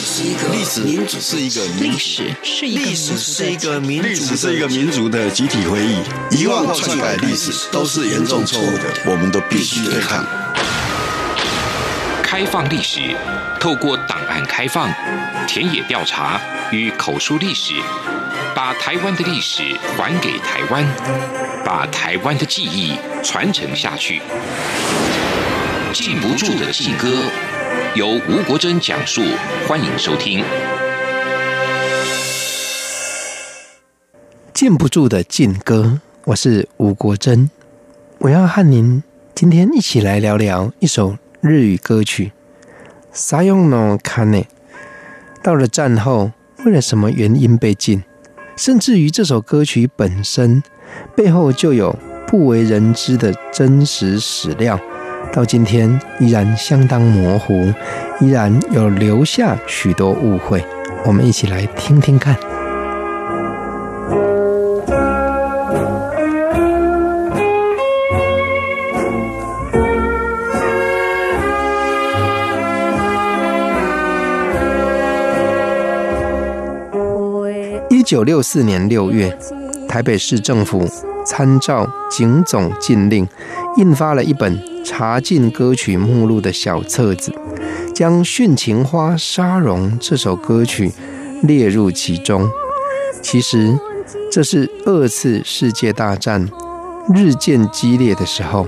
歷史、民族是一個歷史，是一個民族，是一個民是一個，民族，是一個民，族民族的集體回憶。遺忘或篡改歷史都是嚴重錯誤的，我們都必須得看。開放歷史，透過檔案開放、田野調查與口述歷史，把台灣的歷史還給台灣，把台灣的記憶傳承下去。禁不住的禁歌。由吳國禎講述，歡迎收聽。禁不住的禁歌，我是吳國禎，我要和您今天一起來聊聊一首日語歌曲《サヨンの鐘》。到了戰後，為了什麼原因被禁？甚至於這首歌曲本身背後就有不為人知的真實史料。到今天依然相當模糊，依然有留下許多誤會。我們一起來聽聽看。一九六四年六月，台北市政府參照警總禁令，印發了一本，查禁歌曲目錄的小冊子，將《殉情花紗容》這首歌曲列入其中。其實，這是二次世界大戰日漸激烈的時候，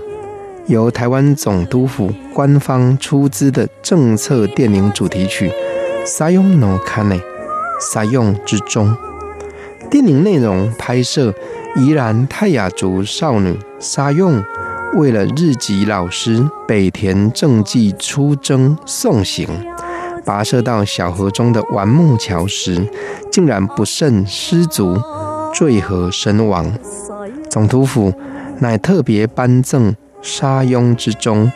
由台灣總督府官方出資的政策電影主題曲《サヨンの鐘》，紗容之鐘。電影內容拍攝宜蘭泰雅族少女紗容。Sayong 為了日籍老師北田正紀出征送行，跋涉到小河中的丸木橋時，竟然不慎失足墜河身亡。總督府乃特別頒贈紗容之鐘。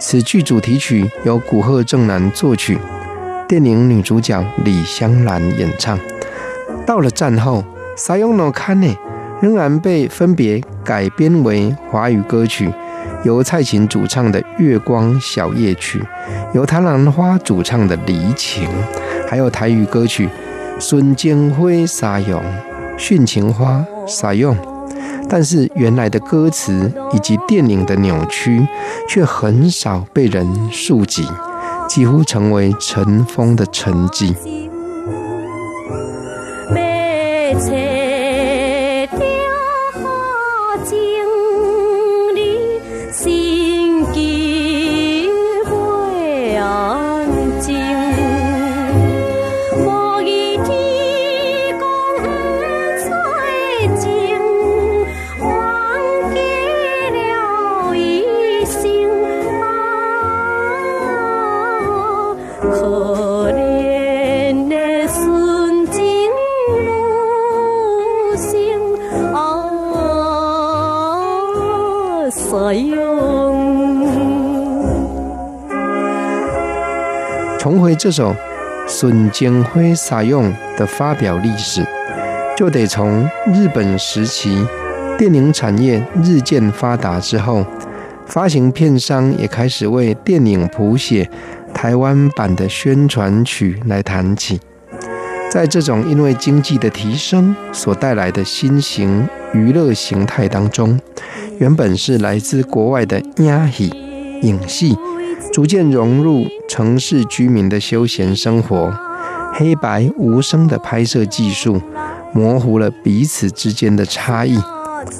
此劇主題曲由古賀正男作曲，電影女主角李香蘭演唱。到了戰後，サヨンの鐘。仍然被分別改編為華語歌曲，由蔡琴主唱的《月光小夜曲》，由譚蘭花主唱的《離情》，還有台語歌曲《孫堅輝紗容殉情花紗容》。但是原來的歌詞以及電影的扭曲，卻很少被人觸及，幾乎成為塵封的沉寂。嗯嗯可憐的殉情花，心啊，紗、啊、容？重回這首《殉情花！紗容》的發表歷史，就得從日本時期電影產業日漸發達之後，發行片商也開始為電影譜寫。台灣版的宣傳曲來談起，在這種因為經濟的提升所帶來的新型娛樂形態當中，原本是來自國外的呀嘿影戲，逐漸融入城市居民的休閒生活。黑白無聲的拍攝技術，模糊了彼此之間的差異，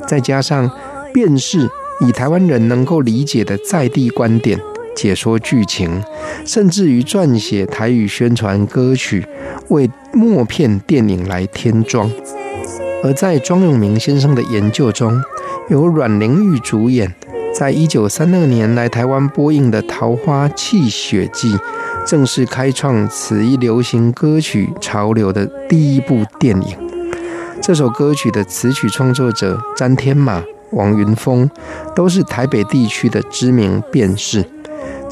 再加上辯士以台灣人能夠理解的在地觀點解說劇情，甚至於撰寫台語宣傳歌曲，為默片電影來添妝。而在莊永明先生的研究中，由阮玲玉主演，在一九三二年來台灣播映的《桃花泣血記》，正是開創此一流行歌曲潮流的第一部電影。這首歌曲的詞曲創作者詹天馬、王雲峰，都是台北地區的知名辯士。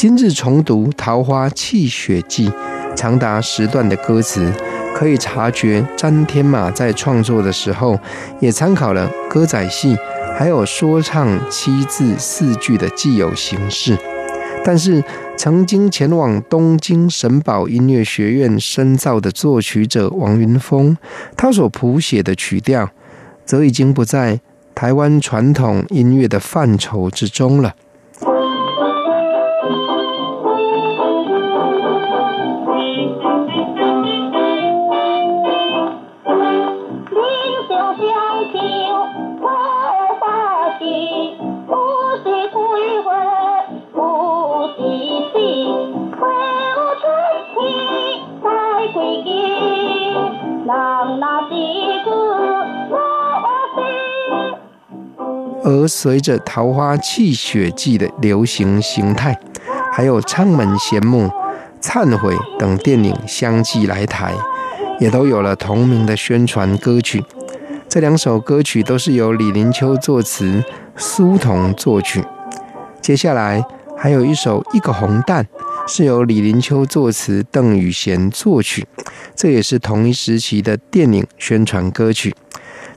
今日重讀《桃花泣血記》，長達十段的歌詞，可以察覺詹天馬在創作的時候，也參考了歌仔戲，還有說唱七字四句的既有形式。但是，曾經前往東京神保音樂學院深造的作曲者王雲峰，他所譜寫的曲調，則已經不在台灣傳統音樂的範疇之中了。而隨着《桃花泣血記》的流行形態，還有《倡門賢母》《懺悔》等電影相繼來台，也都有了同名的宣傳歌曲。這兩首歌曲都是由李臨秋作詞，蘇桐作曲。接下來還有一首《一個紅蛋》。是由李臨秋作詞，鄧雨賢作曲，這也是同一時期的電影宣傳歌曲。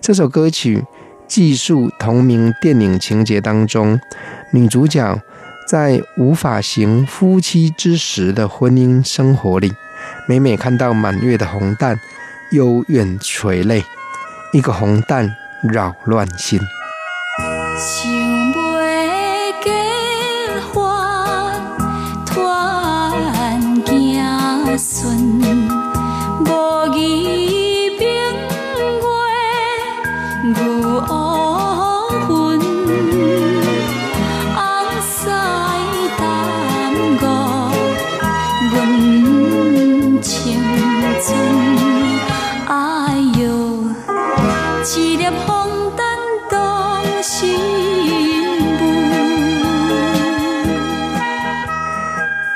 這首歌曲記述同名電影情節當中，女主角在無法行夫妻之實的婚姻生活裡，每每看到滿月的紅蛋，幽怨垂淚。一個紅蛋擾亂心。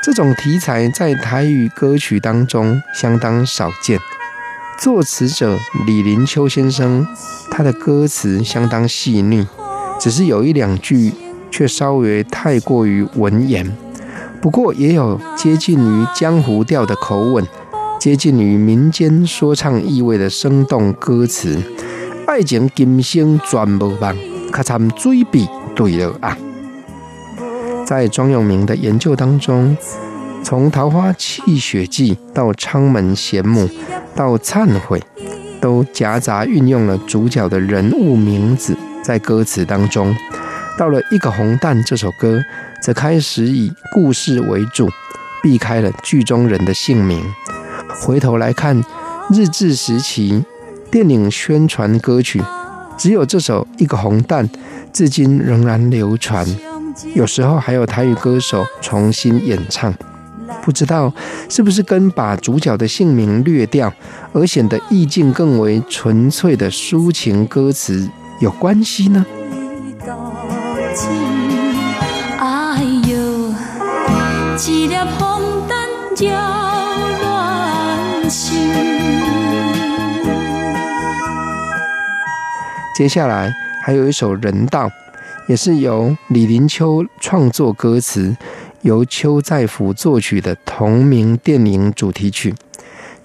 這種題材在台語歌曲當中相當少見。作詞者李臨秋先生，他的歌詞相當細膩，只是有一兩句卻稍微太過於文言。不過也有接近於江湖調的口吻，接近於民間說唱意味的生動歌詞。愛情今新轉不幫，可參追比對了啊。在莊永明的研究當中，從《桃花泣血記》到《倡門賢母》到《懺悔》，都夾雜運用了主角的人物名字在歌詞當中。到了《一個紅蛋》這首歌，則開始以故事為主，避開了劇中人的姓名。回頭來看日治時期電影宣傳歌曲，只有這首《一個紅蛋》至今仍然流傳。有時候還有台語歌手重新演唱，不知道是不是跟把主角的姓名略掉，而顯得意境更為純粹的抒情歌詞有關係呢？接下來還有一首《人道》。也是由李臨秋創作歌詞，由邱再福作曲的同名電影主題曲。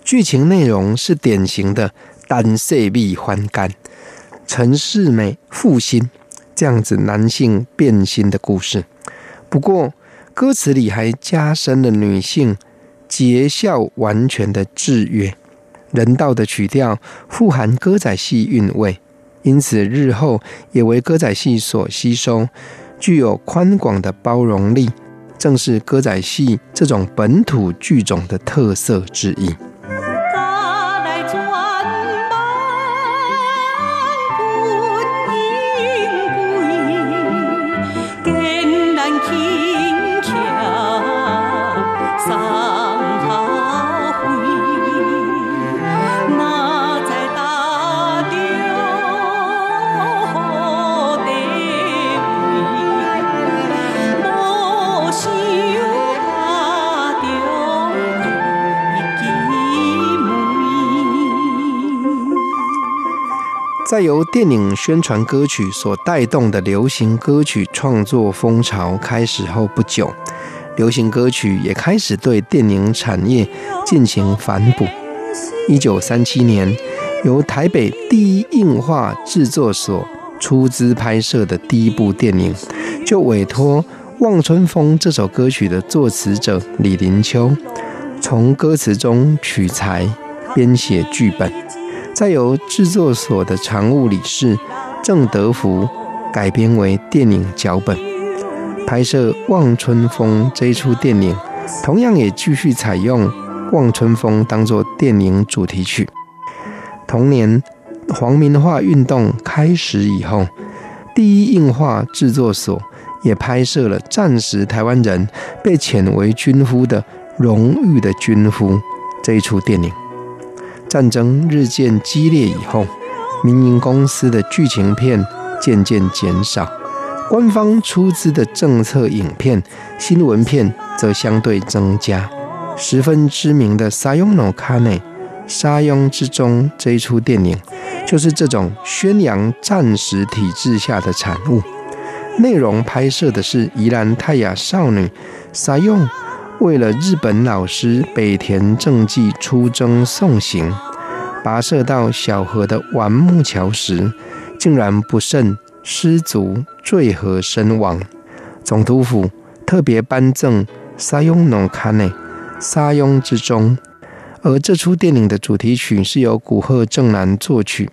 劇情內容是典型的單色臂歡干、陳世美負心這樣子男性變心的故事。不過，歌詞裡還加深了女性節孝完全的制約。人道的曲調富含歌仔戲韻味。因此，日後也為歌仔戲所吸收，具有寬廣的包容力，正是歌仔戲這種本土劇種的特色之一。在由電影宣傳歌曲所帶動的流行歌曲創作風潮開始後不久，流行歌曲也開始對電影產業進行反哺。一九三七年，由台北第一映畫製作所出資拍攝的第一部電影，就委託《望春風》這首歌曲的作詞者李臨秋，從歌詞中取材，編寫劇本。再由製作所的常務理事鄭德福改編為電影腳本，拍攝《望春風》這一出電影，同樣也繼續採用《望春風》當做電影主題曲。同年，皇民化運動開始以後，第一映畫製作所也拍攝了戰時台灣人被遣為軍夫的《榮譽的軍夫》這一出電影。戰爭日漸激烈以後，民營公司的劇情片漸漸減少，官方出資的政策影片、新聞片則相對增加。十分知名的《no、沙庸之卡內》，沙庸之鐘，這一出電影就是這種宣揚戰時體制下的產物。內容拍攝的是宜蘭泰雅少女沙庸。為了日本老師北田正紀出征送行，跋涉到小河的丸木橋時，竟然不慎失足墜河身亡。總督府特別頒贈紗容諾卡內紗容之鐘。而這出電影的主題曲是由古賀正男作曲，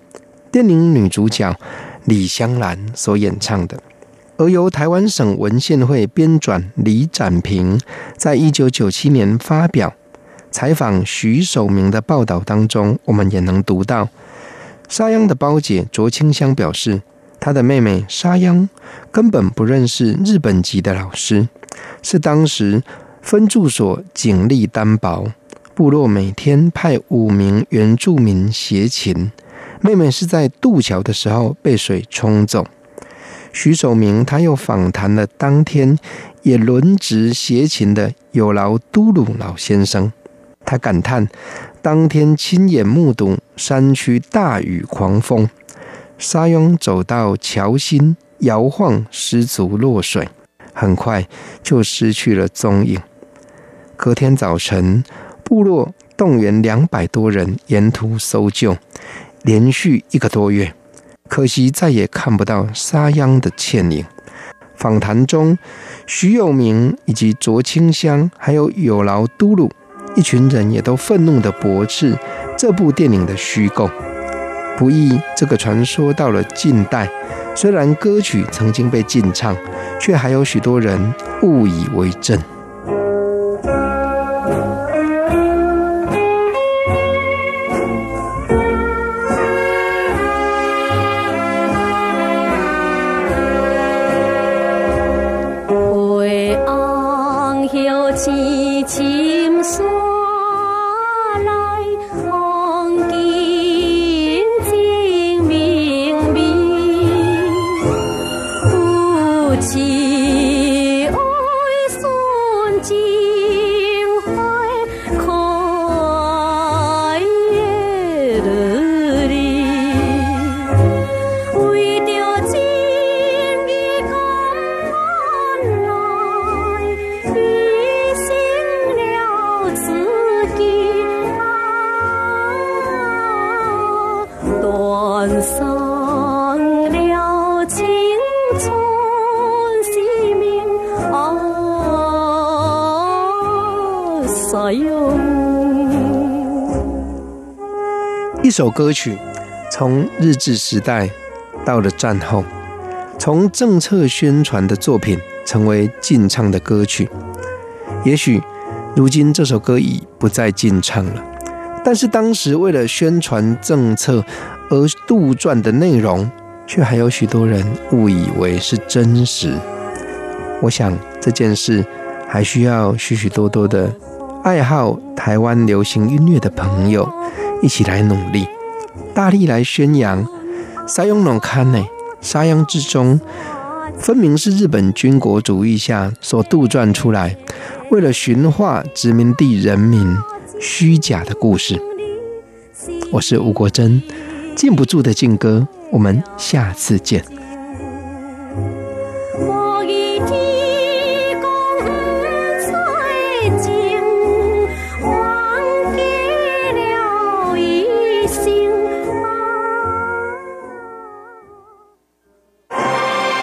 電影女主角李香蘭所演唱的。而由台灣省文獻會編纂李展平在一九九七年發表採訪徐守明的報道當中，我們也能讀到沙央的胞姐卓清香表示，她的妹妹沙央根本不認識日本籍的老師，是當時分駐所警力單薄，部落每天派五名原住民協勤，妹妹是在渡橋的時候被水沖走。徐守明，他又訪談了當天也輪值協勤的有勞都魯老先生。他感嘆，當天親眼目睹山區大雨狂風，紗容走到橋心搖晃失足落水，很快就失去了蹤影。隔天早晨，部落動員兩百多人沿途搜救，連續一個多月。可惜再也看不到紗容的倩影。訪談中，徐有明以及卓清香，還有有勞都祿一群人也都憤怒地駁斥這部電影的虛構。不意。這個傳說到了近代，雖然歌曲曾經被禁唱，卻還有許多人誤以為真。一首歌曲，從日治時代到了戰後，從政策宣傳的作品，成為禁唱的歌曲，也許。如今這首歌已不再禁唱了，但是當時為了宣傳政策而杜撰的內容，卻還有許多人誤以為是真實。我想這件事還需要許許多多的愛好台灣流行音樂的朋友一起來努力，大力來宣揚。沙雍農卡內，沙雍之鐘。分明是日本軍國主義下所杜撰出來，為了馴化殖民地人民虛假的故事。我是吳國禎，禁不住的禁歌，我們下次見。